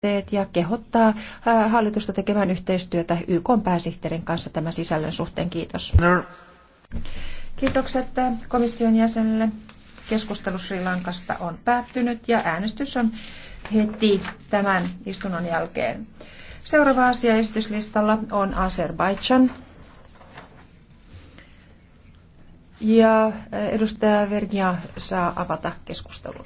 teet ja kehottaa hallitusta tekemään yhteistyötä YK pääsihteerin kanssa tämän sisällön suhteen. Kiitos. No. Kiitokset komission jäsenelle. Keskustelu Sri Lankasta on päättynyt ja äänestys on heti tämän istunnon jälkeen. Seuraava asia esityslistalla on Azerbaijan. Ja edustaja Vergia saa avata keskustelun.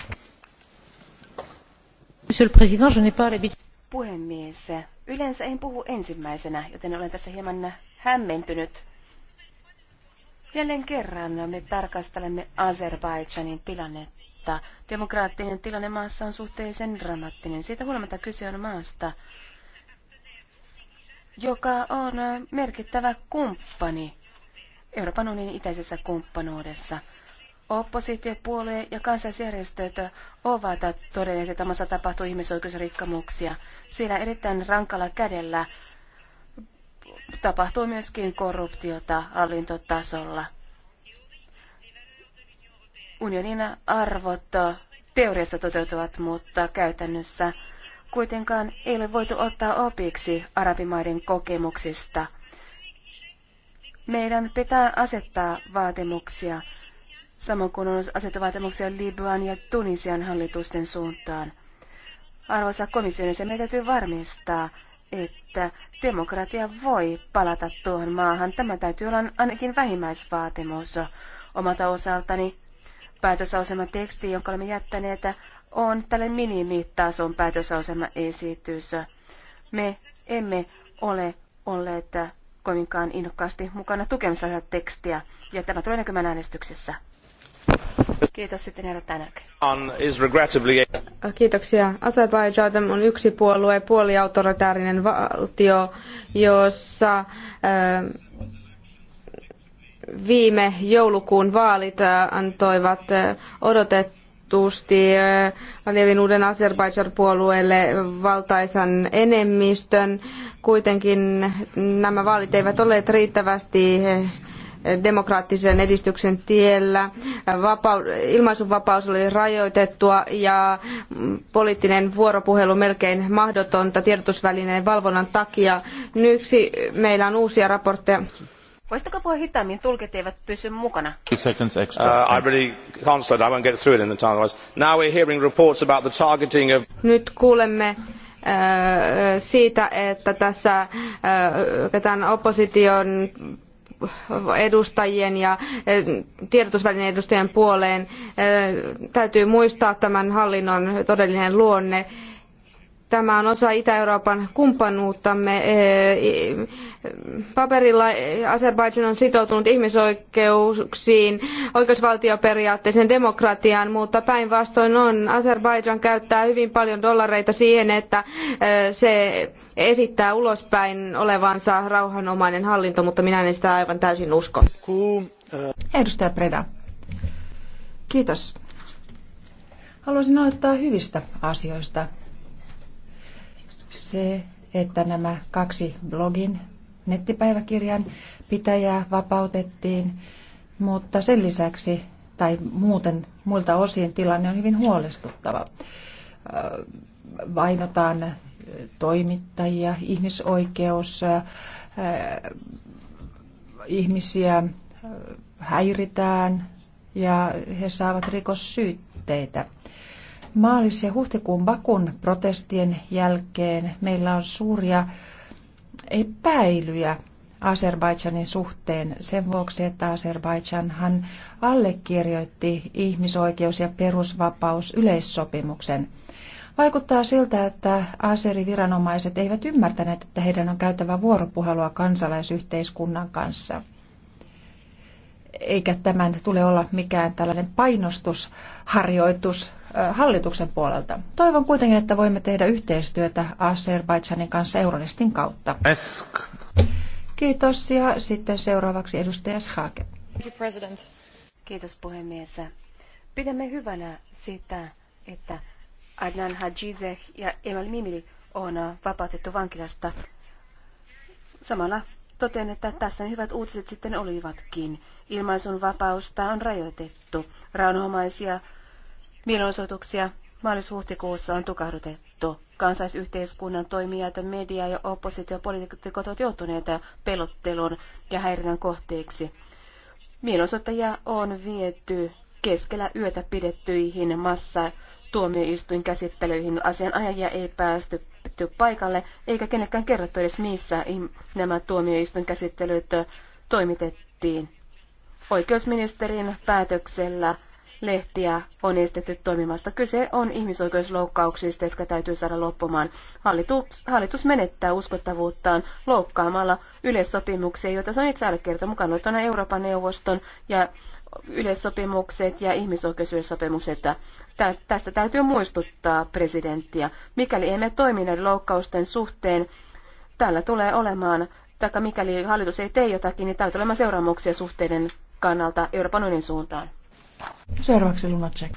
Monsieur le Président, je n'ai pas l'habitude. Puhemies, yleensä en puhu ensimmäisenä, joten olen tässä hieman hämmentynyt. Jälleen kerran me tarkastelemme Azerbaidžanin tilannetta. Demokraattinen tilanne maassa on suhteellisen dramaattinen. Siitä huolimatta kyse on maasta, joka on merkittävä kumppani Euroopan unionin itäisessä kumppanuudessa. Oppositiopuolue ja kansalaisjärjestöt ovat todenneet, että maassa tapahtuu ihmisoikeusrikkomuksia. Siellä erittäin rankalla kädellä tapahtuu myöskin korruptiota hallintotasolla. Unionin arvot teoriassa toteutuvat, mutta käytännössä kuitenkaan ei ole voitu ottaa opiksi arabimaiden kokemuksista. Meidän pitää asettaa vaatimuksia samoin kuin on asetavaatimuksia Libyan ja Tunisian hallitusten suuntaan. Arvoisa komission se meidän täytyy varmistaa, että demokratia voi palata tuohon maahan. Tämä täytyy olla ainakin vähimmäisvaatimus omalta osaltani. Päätösasema teksti, jonka olemme jättäneet, on tälle minimitason päätösasema esitys. Me emme ole olleet kovinkaan innokkaasti mukana tukemassa tätä tekstiä, ja tämä tulee näkymään äänestyksessä. Kiitos sitten herra Tänök. Kiitoksia. Azerbaijan on yksi puolue, puoliautoritäärinen valtio, jossa äh, viime joulukuun vaalit äh, antoivat äh, odotetusti äh, Alievin uuden Azerbaijan-puolueelle valtaisan enemmistön. Kuitenkin nämä vaalit eivät olleet riittävästi demokraattisen edistyksen tiellä. Vapau- ilmaisunvapaus oli rajoitettua ja poliittinen vuoropuhelu melkein mahdotonta tiedotusvälineen valvonnan takia. Nyksi meillä on uusia raportteja. Voisitko puhua hitaammin? Tulkit eivät pysy mukana. Uh, Nyt kuulemme uh, siitä, että tässä uh, ketään opposition edustajien ja eh, tiedotusvälineen edustajien puoleen. Eh, täytyy muistaa tämän hallinnon todellinen luonne Tämä on osa Itä-Euroopan kumppanuuttamme. Paperilla Azerbaidžan on sitoutunut ihmisoikeuksiin, oikeusvaltioperiaatteeseen, demokratiaan, mutta päinvastoin on. Azerbaidžan käyttää hyvin paljon dollareita siihen, että se esittää ulospäin olevansa rauhanomainen hallinto, mutta minä en sitä aivan täysin usko. Edustaja Preda. Kiitos. Haluaisin aloittaa hyvistä asioista se, että nämä kaksi blogin nettipäiväkirjan pitäjää vapautettiin, mutta sen lisäksi tai muuten muilta osin tilanne on hyvin huolestuttava. Vainotaan toimittajia, ihmisoikeus, ihmisiä häiritään ja he saavat rikossyytteitä. Maalis- ja huhtikuun Bakun protestien jälkeen meillä on suuria epäilyjä Azerbaidžanin suhteen sen vuoksi, että Azerbaidžanhan allekirjoitti ihmisoikeus- ja perusvapausyleissopimuksen. Vaikuttaa siltä, että aseriviranomaiset eivät ymmärtäneet, että heidän on käytävä vuoropuhelua kansalaisyhteiskunnan kanssa eikä tämän tule olla mikään tällainen painostusharjoitus hallituksen puolelta. Toivon kuitenkin, että voimme tehdä yhteistyötä Azerbaidžanin kanssa Eurolistin kautta. Esk. Kiitos ja sitten seuraavaksi edustaja Schake. Kiitos puhemies. Pidämme hyvänä sitä, että Adnan Hajizeh ja Emel Mimili on vapautettu vankilasta. Samalla totean, että tässä hyvät uutiset sitten olivatkin. Ilmaisun vapausta on rajoitettu. Rauhanomaisia mielenosoituksia maalis-huhtikuussa on tukahdutettu. Kansaisyhteiskunnan toimijat, media ja oppositiopolitiikot ovat joutuneet pelottelun ja häirinnän kohteeksi. Mielenosoittajia on viety keskellä yötä pidettyihin massa tuomioistuinkäsittelyihin. Asianajajia ei päästy lähetetty paikalle, eikä kenellekään kerrottu edes missä nämä tuomioistuin käsittelyt toimitettiin. Oikeusministerin päätöksellä lehtiä on estetty toimimasta. Kyse on ihmisoikeusloukkauksista, jotka täytyy saada loppumaan. Hallitus, hallitus menettää uskottavuuttaan loukkaamalla yleissopimuksia, joita se on itse allekirjoittanut mukaan Euroopan neuvoston ja yleissopimukset ja ihmisoikeusyleissopimukset. Tästä täytyy muistuttaa presidenttiä. Mikäli emme toimi näiden loukkausten suhteen, tällä tulee olemaan, tai mikäli hallitus ei tee jotakin, niin täytyy olemaan seuraamuksia suhteiden kannalta Euroopan unionin suuntaan. Seuraavaksi Lunacek.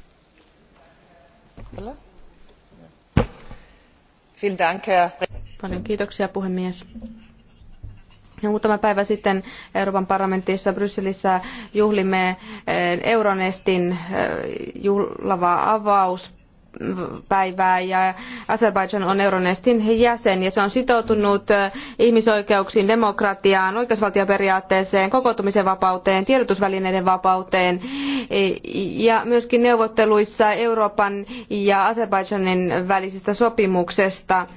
Paljon kiitoksia puhemies. Muutama päivä sitten Euroopan parlamentissa Brysselissä juhlimme eh, Euronestin eh, juhlavaa avaus päivää ja Azerbaijan on Euronestin jäsen ja se on sitoutunut ihmisoikeuksiin, demokratiaan, oikeusvaltioperiaatteeseen, kokoontumisen vapauteen, tiedotusvälineiden vapauteen e, ja myöskin neuvotteluissa Euroopan ja Azerbaijanin välisestä sopimuksesta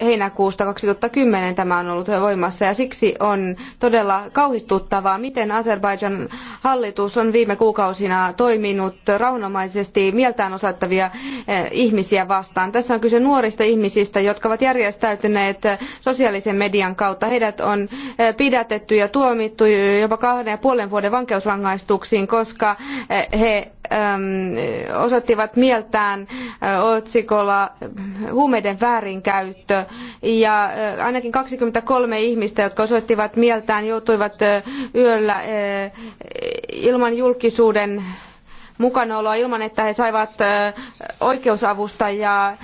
heinäkuusta 2010 tämä on ollut voimassa ja siksi on todella kauhistuttavaa, miten Azerbaijan hallitus on viime kuukausina toiminut rauhanomaisesti mieltään osoittavia Eh, ihmisiä vastaan. Tässä on kyse nuorista ihmisistä, jotka ovat järjestäytyneet sosiaalisen median kautta. Heidät on eh, pidätetty ja tuomittu jopa kahden ja puolen vuoden vankeusrangaistuksiin, koska eh, he ehm, osoittivat mieltään otsikolla huumeiden väärinkäyttö ja ainakin 23 ihmistä, jotka osoittivat mieltään, joutuivat yöllä ilman julkisuuden mukanaoloa ilman, että he saivat ja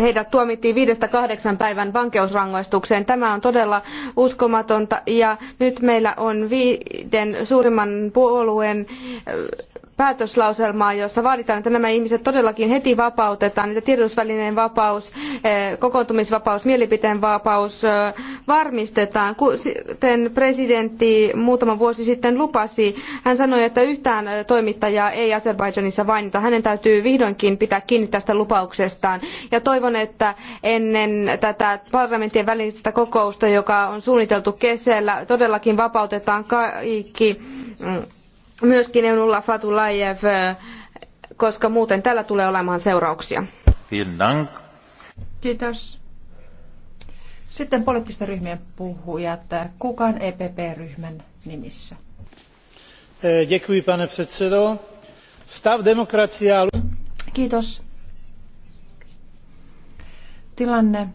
heidät tuomittiin viidestä kahdeksan päivän vankeusrangaistukseen. Tämä on todella uskomatonta ja nyt meillä on viiden suurimman puolueen päätöslauselmaa, jossa vaaditaan, että nämä ihmiset todellakin heti vapautetaan, että tiedotusvälineen vapaus, eh, kokoontumisvapaus, mielipiteen vapaus eh, varmistetaan. Kuten presidentti muutama vuosi sitten lupasi, hän sanoi, että yhtään eh, toimittajaa ei Azerbaidžanissa vainita. Hänen täytyy vihdoinkin pitää kiinni tästä lupauksestaan. Ja toivon, että ennen tätä parlamenttien välistä kokousta, joka on suunniteltu kesällä, todellakin vapautetaan kaikki mm, myöskin Eunulla Fatulayev, koska muuten tällä tulee olemaan seurauksia. Kiitos. Sitten poliittisten ryhmien puhujat. Kukaan EPP-ryhmän nimissä? Eh, děkuji, pane předsedo. Stav demokracia... Kiitos. Tilanne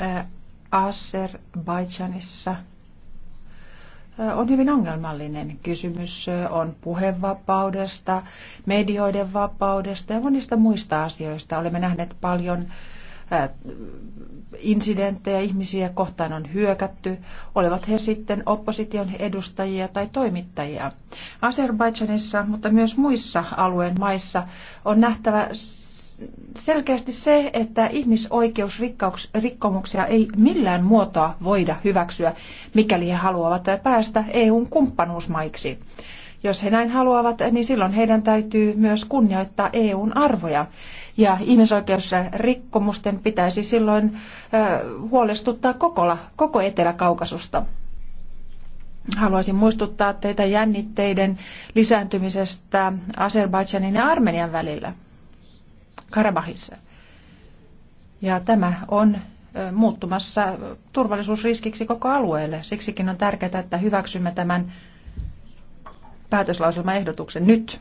eh, Azerbaidžanissa on hyvin ongelmallinen. Kysymys on puhevapaudesta, medioiden vapaudesta ja monista muista asioista. Olemme nähneet paljon insidenttejä, ihmisiä kohtaan on hyökätty, olivat he sitten opposition edustajia tai toimittajia. Azerbaidžanissa, mutta myös muissa alueen maissa on nähtävä selkeästi se, että ihmisoikeusrikkomuksia ei millään muotoa voida hyväksyä, mikäli he haluavat päästä EUn kumppanuusmaiksi. Jos he näin haluavat, niin silloin heidän täytyy myös kunnioittaa EUn arvoja. Ja ihmisoikeusrikkomusten pitäisi silloin huolestuttaa koko, koko Etelä-Kaukasusta. Haluaisin muistuttaa teitä jännitteiden lisääntymisestä Azerbaidžanin ja Armenian välillä. Karabahissa. Ja tämä on muuttumassa turvallisuusriskiksi koko alueelle. Siksikin on tärkeää, että hyväksymme tämän päätöslauselmaehdotuksen nyt.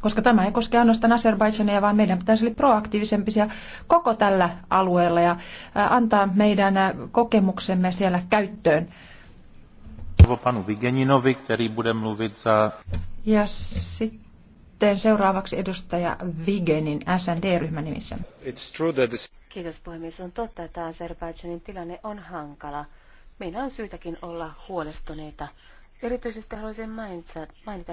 Koska tämä ei koske ainoastaan Azerbaidsania, vaan meidän pitäisi olla proaktiivisempia koko tällä alueella ja antaa meidän kokemuksemme siellä käyttöön. Ja sitten sitten seuraavaksi edustaja Vigenin SND-ryhmän nimissä. It's true that this... Kiitos puhemies. On totta, että Azerbaidžanin tilanne on hankala. Meillä on syytäkin olla huolestuneita. Erityisesti haluaisin mainita, mainita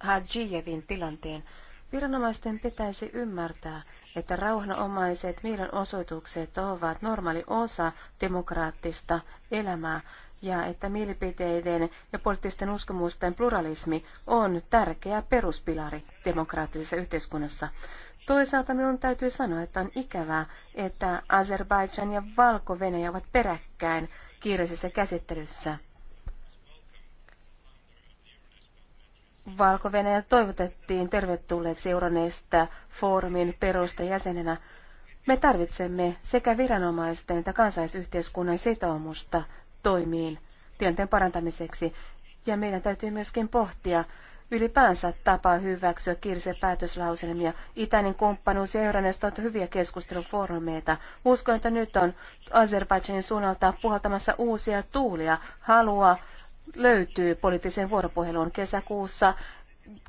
Hajijevin tilanteen. Viranomaisten pitäisi ymmärtää, että rauhanomaiset mielenosoitukset ovat normaali osa demokraattista elämää ja että mielipiteiden ja poliittisten uskomusten pluralismi on tärkeä peruspilari demokraattisessa yhteiskunnassa. Toisaalta minun täytyy sanoa, että on ikävää, että Azerbaidžan ja valko ovat peräkkäin kiireisessä käsittelyssä. valko toivotettiin tervetulleeksi Euroneesta foorumin perustajäsenenä. Me tarvitsemme sekä viranomaisten että kansaisyhteiskunnan sitoumusta toimiin tilanteen parantamiseksi. Ja meidän täytyy myöskin pohtia ylipäänsä tapaa hyväksyä kirse päätöslauselmia. Itäinen kumppanuus ja Euronest ovat hyviä keskustelufoorumeita. Uskon, että nyt on Azerbaidžanin suunnalta puhaltamassa uusia tuulia. Halua löytyy poliittiseen vuoropuheluun kesäkuussa.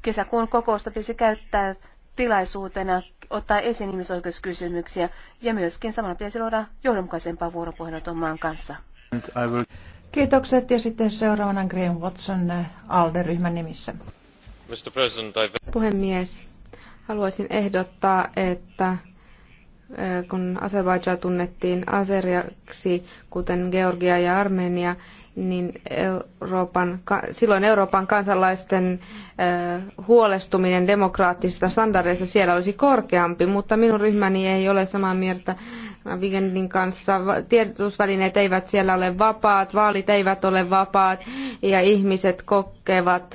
Kesäkuun kokousta pitäisi käyttää tilaisuutena ottaa esiin ihmisoikeuskysymyksiä ja myöskin samalla pitäisi luoda johdonmukaisempaa vuoropuhelua tuon maan kanssa. Kiitokset ja sitten seuraavana Green Watson ALDE-ryhmän nimissä. Puhemies, haluaisin ehdottaa, että kun Azerbaijan tunnettiin aseriaksi, kuten Georgia ja Armenia, niin Euroopan, silloin Euroopan kansalaisten huolestuminen demokraattisista standardeista siellä olisi korkeampi, mutta minun ryhmäni ei ole samaa mieltä Vigendin kanssa. Tiedotusvälineet eivät siellä ole vapaat, vaalit eivät ole vapaat ja ihmiset kokevat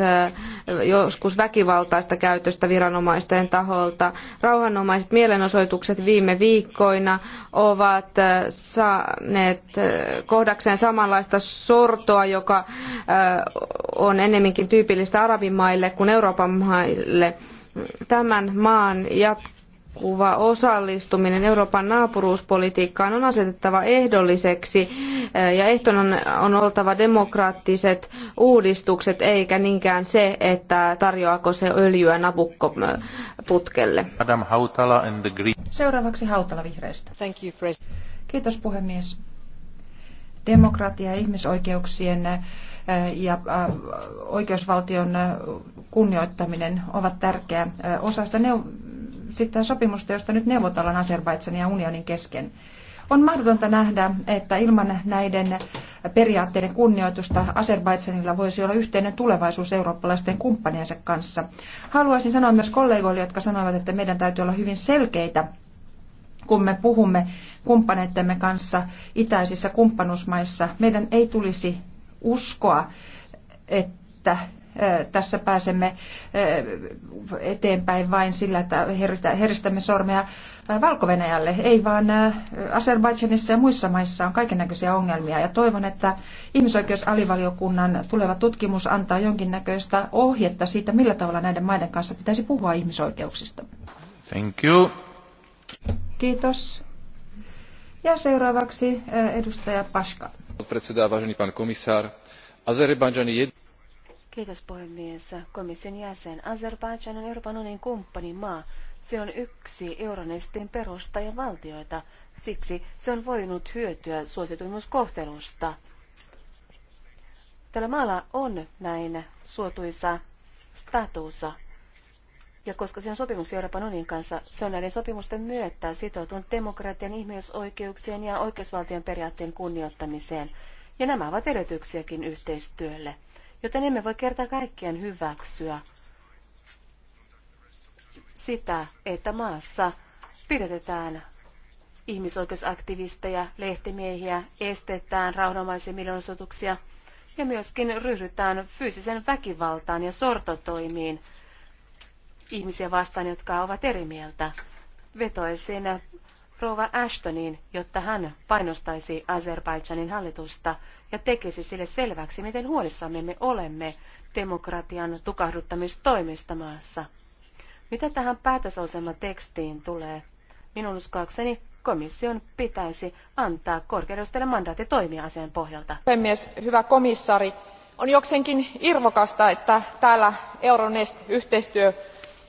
joskus väkivaltaista käytöstä viranomaisten taholta. Rauhanomaiset mielenosoitukset viime viikkoina ovat saaneet kohdakseen samanlaista sortoa, joka on enemminkin tyypillistä arabimaille kuin Euroopan maille. Tämän maan jatko jatkuva osallistuminen Euroopan naapuruuspolitiikkaan on asetettava ehdolliseksi eh, ja ehtona on oltava demokraattiset uudistukset eikä niinkään se, että tarjoaako se öljyä Nabukko-putkelle. Hautala Seuraavaksi Hautala vihreistä. Thank you, president. Kiitos puhemies. Demokratia, ihmisoikeuksien eh, ja eh, oikeusvaltion kunnioittaminen ovat tärkeä osa sitä sitten sopimusta, josta nyt neuvotellaan Azerbaidsanin ja unionin kesken. On mahdotonta nähdä, että ilman näiden periaatteiden kunnioitusta Azerbaidsanilla voisi olla yhteinen tulevaisuus eurooppalaisten kumppaniensa kanssa. Haluaisin sanoa myös kollegoille, jotka sanoivat, että meidän täytyy olla hyvin selkeitä kun me puhumme kumppaneittemme kanssa itäisissä kumppanuusmaissa, meidän ei tulisi uskoa, että tässä pääsemme eteenpäin vain sillä, että heristämme sormea valko -Venäjälle. Ei vaan Azerbaidžanissa ja muissa maissa on kaikennäköisiä ongelmia ja toivon, että ihmisoikeusalivaliokunnan tuleva tutkimus antaa jonkinnäköistä ohjetta siitä, millä tavalla näiden maiden kanssa pitäisi puhua ihmisoikeuksista. Thank you. Kiitos. Ja seuraavaksi edustaja Paska. Predseda, vážený pán komisár, Kiitos puhemies. Komission jäsen. Azerbaidžan on Euroopan unionin maa. Se on yksi Euronestin perustajavaltioita. Siksi se on voinut hyötyä suosituimuskohtelusta. Tällä maalla on näin suotuisa statusa. Ja koska se on sopimuksia Euroopan unionin kanssa, se on näiden sopimusten myötä sitoutunut demokratian, ihmisoikeuksien ja oikeusvaltion periaatteen kunnioittamiseen. Ja nämä ovat edellytyksiäkin yhteistyölle. Joten emme voi kerta kaikkien hyväksyä sitä, että maassa pidetään ihmisoikeusaktivisteja, lehtimiehiä, estetään rauhanomaisia mielenosoituksia ja myöskin ryhdytään fyysisen väkivaltaan ja sortotoimiin ihmisiä vastaan, jotka ovat eri mieltä. Vetoisin rouva Ashtonin, jotta hän painostaisi Azerbaidžanin hallitusta ja tekisi sille selväksi, miten huolissamme me olemme demokratian tukahduttamistoimista maassa. Mitä tähän päätösasematekstiin tulee? Minun uskoakseni komission pitäisi antaa korkeudustajalle mandaatti toimia asian pohjalta. Puhemies, hyvä komissaari, on jokseenkin irvokasta, että täällä Euronest yhteistyö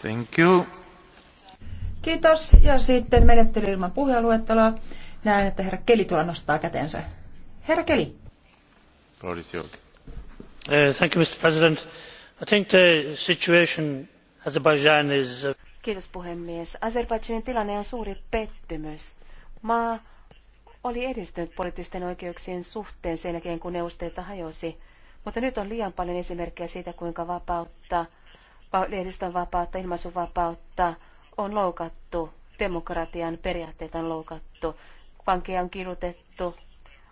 Thank you. Kiitos. Ja sitten menettely ilman puheluetteloa. Näen, että herra Keli tuolla nostaa kätensä. Herra Keli. Floor uh, thank you, Mr. President. I think the situation Azerbaijan is... Uh, Kiitos puhemies. Azerbaidžanin tilanne on suuri pettymys. Maa oli edistynyt poliittisten oikeuksien suhteen sen jälkeen, kun neuvostoita hajosi. Mutta nyt on liian paljon esimerkkejä siitä, kuinka vapautta lehdistön vapautta, ilmaisun vapautta on loukattu, demokratian periaatteita on loukattu, vankeja on kidutettu,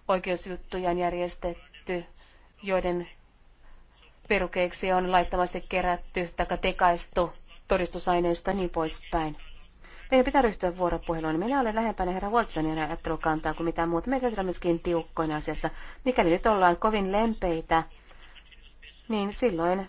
oikeusjuttuja on järjestetty, joiden perukeiksi on laittomasti kerätty tai tekaistu todistusaineista ja niin poispäin. Meidän pitää ryhtyä vuoropuheluun. minä olen lähempänä herra Watsonin ajattelukantaa kuin mitään muuta. Meidän on myöskin tiukkoina asiassa. Mikäli nyt ollaan kovin lempeitä, niin silloin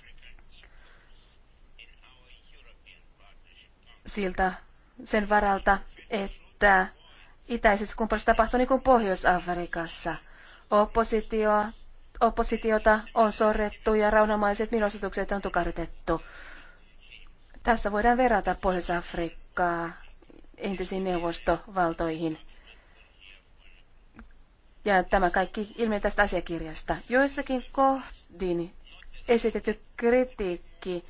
siltä sen varalta, että itäisessä kumppanissa tapahtui niin kuin Pohjois-Afrikassa. Oppositio, oppositiota on sorrettu ja raunamaiset mielenosoitukset on tukahdutettu. Tässä voidaan verrata Pohjois-Afrikkaa entisiin neuvostovaltoihin. Ja tämä kaikki ilmenee tästä asiakirjasta. Joissakin kohdin esitetty kritiikki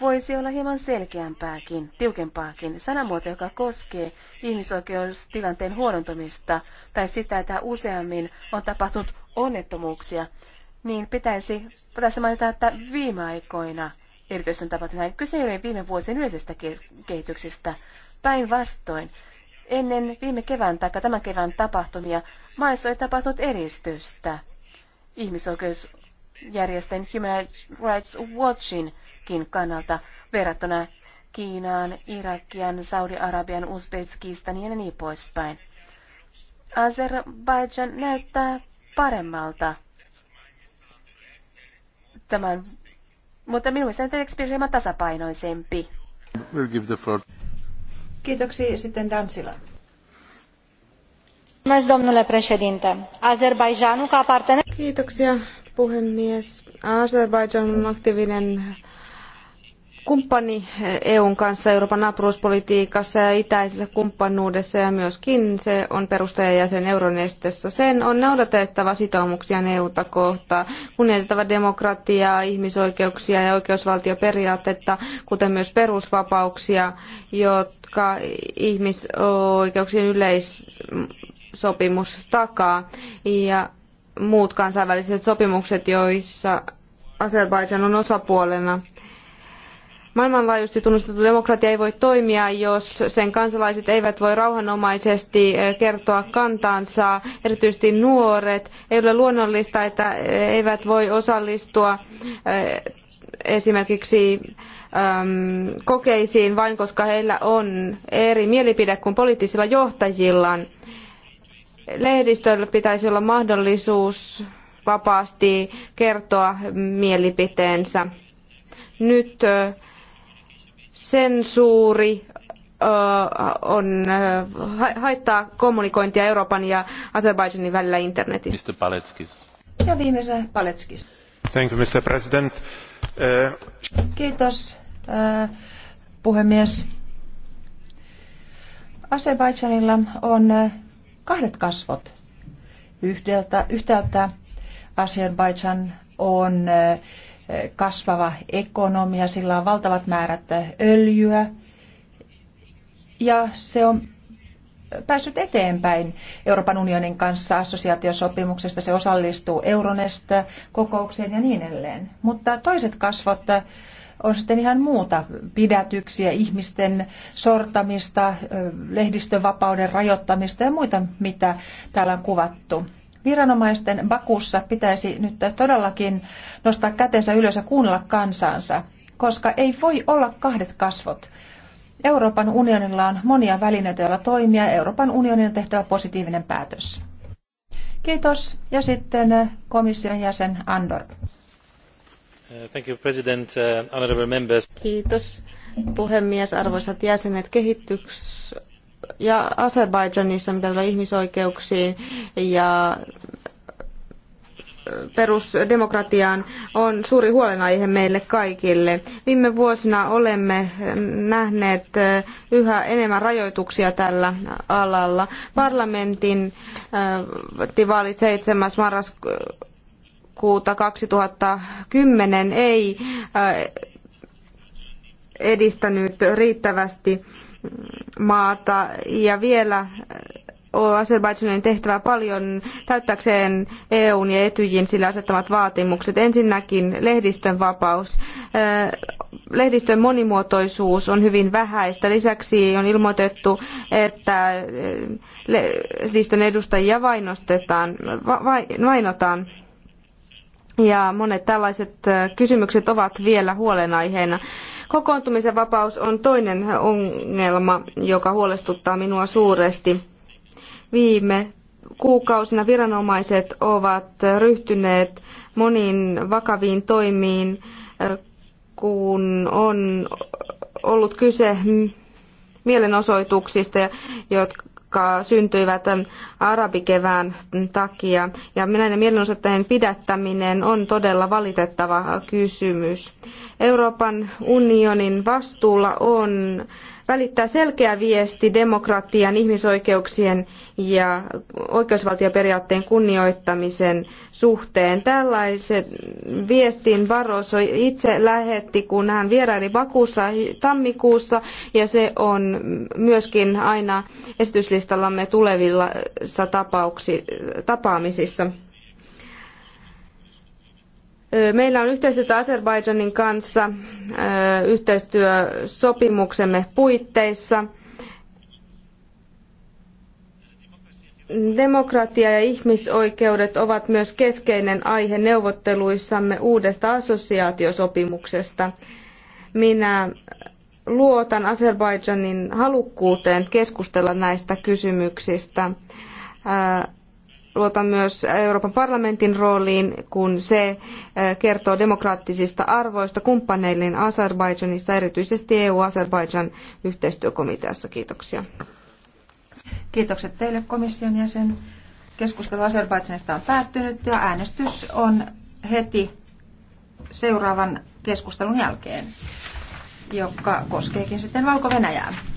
voisi olla hieman selkeämpääkin, tiukempaakin sanamuoto, joka koskee ihmisoikeustilanteen huonontumista tai sitä, että useammin on tapahtunut onnettomuuksia, niin pitäisi, pitäisi mainita, että viime aikoina erityisen tapahtunut näin. Kyse ei ole viime vuosien yleisestä kehityksestä. Päinvastoin, ennen viime kevään tai tämän kevään tapahtumia maissa ei tapahtunut eristystä. Ihmisoikeusjärjestön Human Rights Watchin turvallisuudenkin kannalta verrattuna Kiinaan, Irakian, Saudi-Arabian, Uzbekistaniin ja niin poispäin. Azerbaidžan näyttää paremmalta tämän, mutta minun mielestäni hieman tasapainoisempi. We'll give the floor. Kiitoksia sitten Dansila. Kiitoksia puhemies. Azerbaijan on aktiivinen kumppani eh, EUn kanssa Euroopan naapuruuspolitiikassa ja itäisessä kumppanuudessa ja myöskin se on perustajajäsen Euronestessa. Sen on noudatettava sitoumuksia EUta kohtaan, kunnioitettava demokratiaa, ihmisoikeuksia ja oikeusvaltioperiaatetta, kuten myös perusvapauksia, jotka ihmisoikeuksien yleissopimus takaa ja muut kansainväliset sopimukset, joissa Azerbaijan on osapuolena Maailmanlaajuisesti tunnustettu demokratia ei voi toimia, jos sen kansalaiset eivät voi rauhanomaisesti eh, kertoa kantaansa, erityisesti nuoret. Ei ole luonnollista, että eh, eivät voi osallistua eh, esimerkiksi ehm, kokeisiin vain koska heillä on eri mielipide kuin poliittisilla johtajillaan. Lehdistöllä pitäisi olla mahdollisuus vapaasti kertoa mielipiteensä. Nyt sensuuri on, haittaa kommunikointia Euroopan ja Azerbaidžanin välillä internetissä. Mr. Paletskis. Ja viimeisenä Paletskis. Thank you, Mr. President. Uh... Kiitos, uh, puhemies. Azerbaidžanilla on kahdet kasvot. Yhdeltä, yhtäältä Azerbaidžan on uh, kasvava ekonomia, sillä on valtavat määrät öljyä ja se on päässyt eteenpäin Euroopan unionin kanssa assosiaatiosopimuksesta. Se osallistuu Euronest kokoukseen ja niin edelleen. Mutta toiset kasvot on sitten ihan muuta pidätyksiä, ihmisten sortamista, lehdistönvapauden rajoittamista ja muita, mitä täällä on kuvattu. Viranomaisten Bakussa pitäisi nyt todellakin nostaa kätensä ylös ja kuunnella kansansa, koska ei voi olla kahdet kasvot. Euroopan unionilla on monia välineitä, joilla toimia. Euroopan unionin on tehtävä positiivinen päätös. Kiitos. Ja sitten eh, komission jäsen Andor. Eh, thank you, President, eh, honorable members. Kiitos puhemies, arvoisat jäsenet. Kehitys ja Azerbaidžanissa, mitä tulee ihmisoikeuksiin ja perusdemokratiaan on suuri huolenaihe meille kaikille. Viime vuosina olemme nähneet yhä enemmän rajoituksia tällä alalla. Parlamentin vaalit 7. marraskuuta 2010 ei edistänyt riittävästi maata ja vielä on Azerbaidžanin tehtävä paljon täyttäkseen EUn ja Etyjin sillä asettamat vaatimukset. Ensinnäkin lehdistön vapaus. Lehdistön monimuotoisuus on hyvin vähäistä. Lisäksi on ilmoitettu, että lehdistön edustajia vainostetaan, vainotaan. Ja monet tällaiset kysymykset ovat vielä huolenaiheena. Kokoontumisen vapaus on toinen ongelma, joka huolestuttaa minua suuresti. Viime kuukausina viranomaiset ovat ryhtyneet moniin vakaviin toimiin, kun on ollut kyse mielenosoituksista, jotka jotka syntyivät arabikevään takia. Ja näiden mielenosoittajien pidättäminen on todella valitettava kysymys. Euroopan unionin vastuulla on välittää selkeä viesti demokratian, ihmisoikeuksien ja oikeusvaltioperiaatteen kunnioittamisen suhteen. Tällaisen viestin Barroso itse lähetti, kun hän vieraili Bakussa tammikuussa, ja se on myöskin aina esityslistallamme tulevilla tapauksissa, tapaamisissa. Meillä on yhteistyötä Azerbaidžanin kanssa yhteistyösopimuksemme puitteissa. Demokratia ja ihmisoikeudet ovat myös keskeinen aihe neuvotteluissamme uudesta assosiaatiosopimuksesta. Minä luotan Azerbaidžanin halukkuuteen keskustella näistä kysymyksistä luotan myös Euroopan parlamentin rooliin, kun se eh, kertoo demokraattisista arvoista kumppaneilleen Azerbaidžanissa, erityisesti EU-Azerbaidžan yhteistyökomiteassa. Kiitoksia. Kiitokset teille komission jäsen. Keskustelu Azerbaidžanista on päättynyt ja äänestys on heti seuraavan keskustelun jälkeen, joka koskeekin sitten Valko-Venäjää.